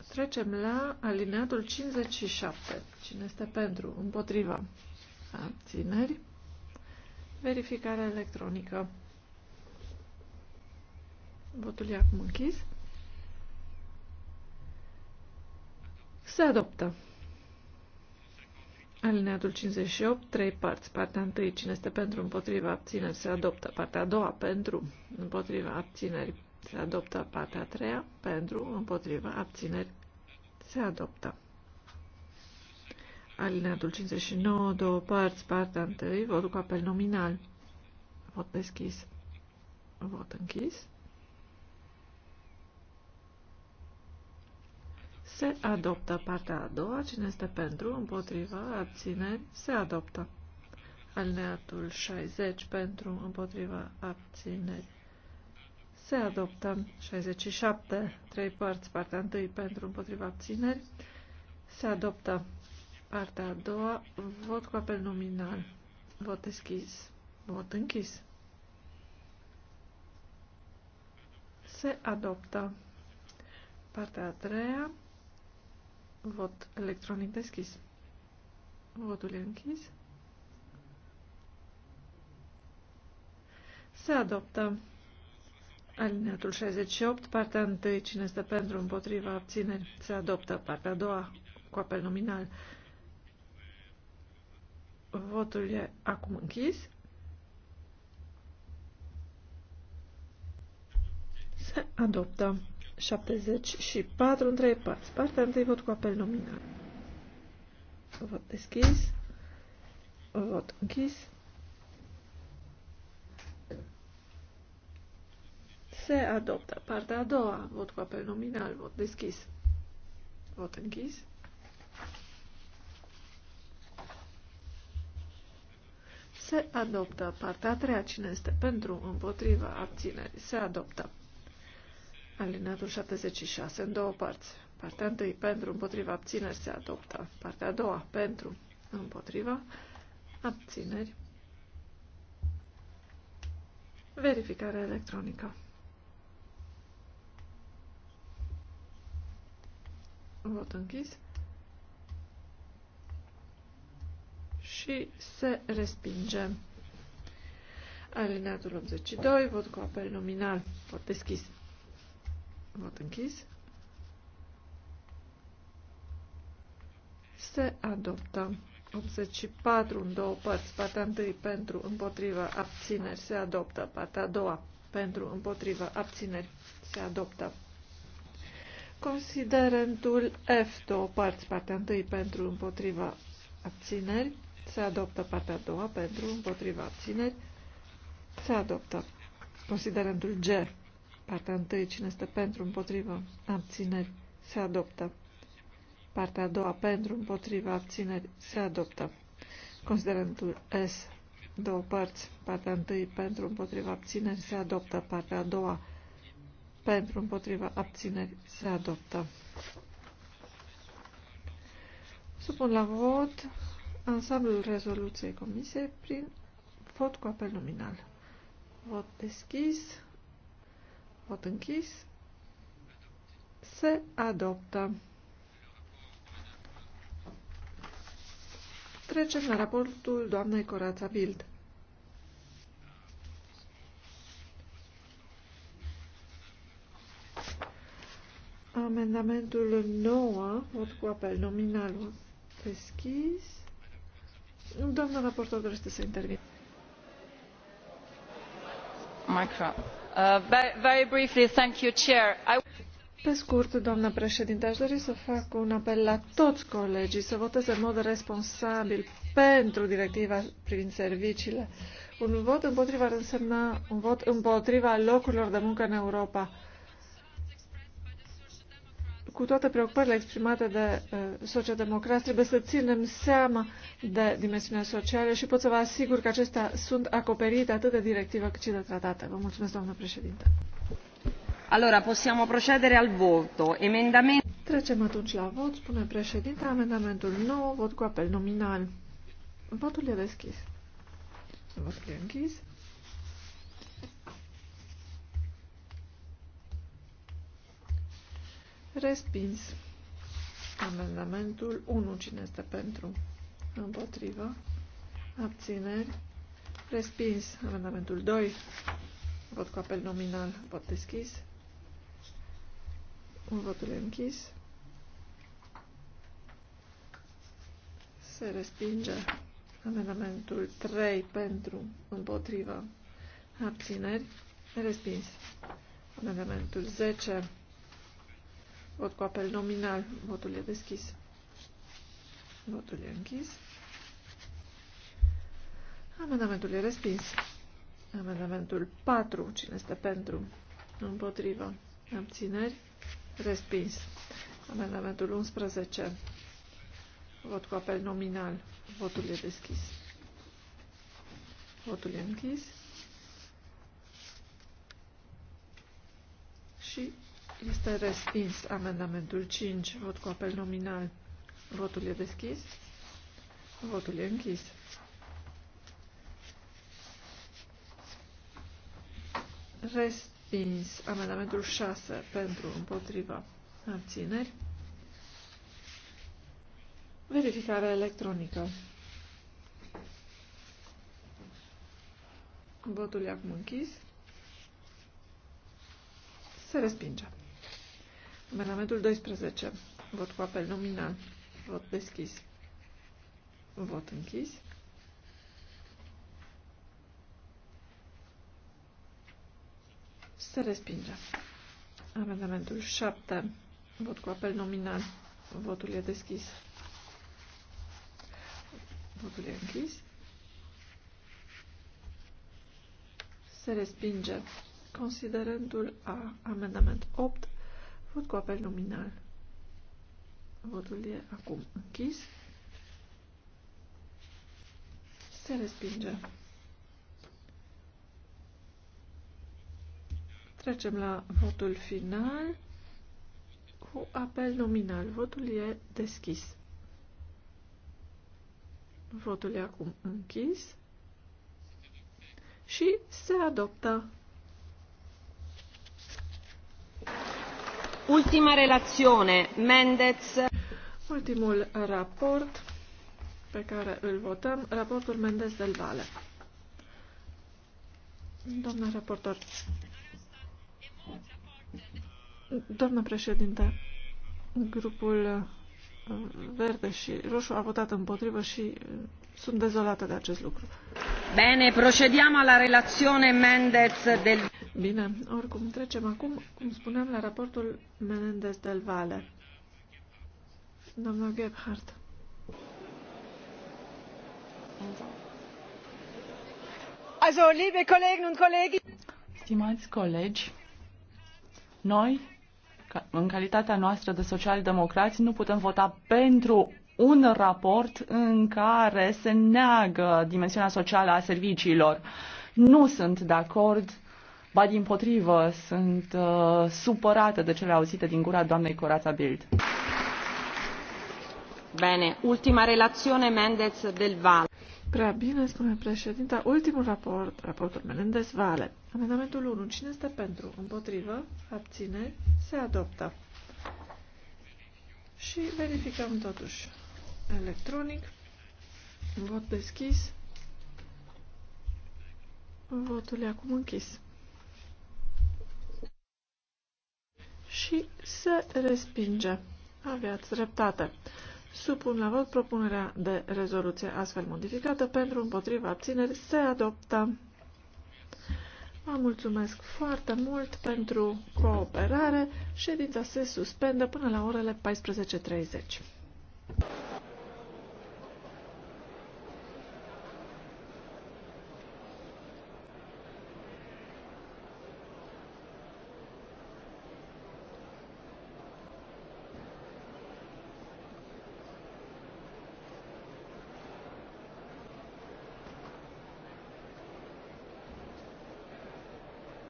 Trecem la alineatul 57. Cine este pentru? Împotriva. Abțineri. Verificarea electronică. Votul e acum închis. Se adoptă. Alineatul 58, trei parți. Partea 1, cine este pentru, împotriva, abțineri, se adoptă. Partea a doua, pentru, împotriva, abțineri, se adoptă. Partea a treia, pentru, împotriva, abțineri, se adoptă. Alineatul 59, două parți, partea 1, votul cu apel nominal. Vot deschis. Vot închis. Se adoptă partea a doua. Cine este pentru, împotriva, abține, se adoptă. Alineatul 60 pentru, împotriva, abține, Se adoptă 67, trei părți, partea 1 pentru, împotriva, abțineri. Se adoptă partea a doua, vot cu apel nominal, vot deschis, vot închis. Se adoptă partea a treia, Vot electronic deschis. Votul e închis. Se adoptă alineatul 68, partea 1, cine este pentru, împotriva, abțineri. Se adoptă partea a doua cu apel nominal. Votul e acum închis. Se adoptă. 74 în trei părți. Partea întâi vot cu apel nominal. Vot deschis. Vot închis. Se adoptă. Partea a doua. Vot cu apel nominal. Vot deschis. Vot închis. Se adoptă. Partea a treia. Cine este pentru? Împotriva. Abțineri. Se adoptă. Alineatul 76 în două părți. Partea 1 pentru, împotriva, abțineri se adoptă. Partea a doua pentru, împotriva, abțineri. Verificare electronică. Vot închis. Și se respinge. Alineatul 82, vot cu apel nominal, vot deschis. Vot închis. Se adoptă 84 în două părți. Partea 1 pentru împotriva abțineri se adoptă. Partea a doua pentru împotriva abțineri se adoptă. Considerentul F, două părți, partea 1 pentru împotriva abțineri, se adoptă partea a doua pentru împotriva abțineri, se adoptă. Considerentul G, Partea întâi, Cine este pentru, împotrivă, abțineri, se adoptă. Partea a doua pentru, împotrivă, abțineri, se adoptă. Considerentul S. Două părți. Partea întâi pentru, împotriva, abțineri, se adoptă. Partea a doua pentru, împotriva, abțineri, se adoptă. Supun la vot ansamblul rezoluției comisiei prin vot cu apel nominal. Vot deschis. Vot închis. Se adoptă. Trecem la raportul doamnei Corața Bild. Amendamentul 9, vot cu apel nominal deschis. Doamna raportor dorește să intervină. Micro. Uh, Pe scurt, doamnă președinte, aș dori să fac un apel la toți colegii să voteze în mod responsabil pentru directiva privind serviciile. Un vot împotriva ar însemna un vot împotriva locurilor de muncă în Europa cu toate preocupările exprimate de uh, sociodemocrați, trebuie să ținem seama de dimensiunea socială și pot să vă asigur că acestea sunt acoperite atât de directivă cât și de tratate. Vă mulțumesc, doamnă președinte. Allora, possiamo procedere al voto. Emendament... Trecem atunci la vot. Spune președinte, amendamentul nou. vot cu apel nominal. Votul e deschis. Votul e închis. Respins. Amendamentul 1. Cine este pentru? Împotrivă. Abțineri. Respins. Amendamentul 2. Vot cu apel nominal. Vot deschis. Votul e închis. Se respinge amendamentul 3 pentru împotrivă abțineri. Respins. Amendamentul 10 Vot cu apel nominal. Votul e deschis. Votul e închis. Amendamentul e respins. Amendamentul 4. Cine este pentru? Împotrivă. Abțineri. Respins. Amendamentul 11. Vot cu apel nominal. Votul e deschis. Votul e închis. Și este respins amendamentul 5, vot cu apel nominal. Votul e deschis. Votul e închis. Respins amendamentul 6 pentru împotriva abțineri. Verificare electronică. Votul e acum închis. Se respinge. Amendamentul 12. Vot cu apel nominal. Vot deschis. Vot închis. Se respinge. Amendamentul 7. Vot cu apel nominal. Votul e deschis. Votul e închis. Se respinge. Considerentul A, amendament 8, Văd cu apel nominal. Votul e acum închis. Se respinge. Trecem la votul final cu apel nominal. Votul e deschis. Votul e acum închis și se adoptă Ultima relațiune, Mendez. Ultimul raport pe care îl votăm, raportul Mendez del Vale. Doamna raportor. Doamna președinte, grupul uh, verde și roșu a votat împotrivă și uh, sunt dezolată de acest lucru. Bine, procediamo alla relazione Mendez del Bine, oricum trecem acum, cum spuneam, la raportul Menendez del Valle. Doamna Gebhardt. Also, liebe Kollegen und Kollegen, stimați colegi, noi, în calitatea noastră de socialdemocrați, nu putem vota pentru un raport în care se neagă dimensiunea socială a serviciilor. Nu sunt de acord Ba din potrivă, sunt uh, supărată de cele auzite din gura doamnei Corața Bild. Bine, ultima relațiune Mendez del Val. Prea bine, spune președinta. Ultimul raport, raportul Menendez Vale. Amendamentul 1. Cine este pentru? Împotrivă? Abține? Se adoptă. Și verificăm totuși. Electronic. Vot deschis. Votul e acum închis. și se respinge. Aveați dreptate. Supun la vot propunerea de rezoluție astfel modificată pentru împotriva abțineri se adoptă. Vă mulțumesc foarte mult pentru cooperare. Ședința se suspendă până la orele 14.30.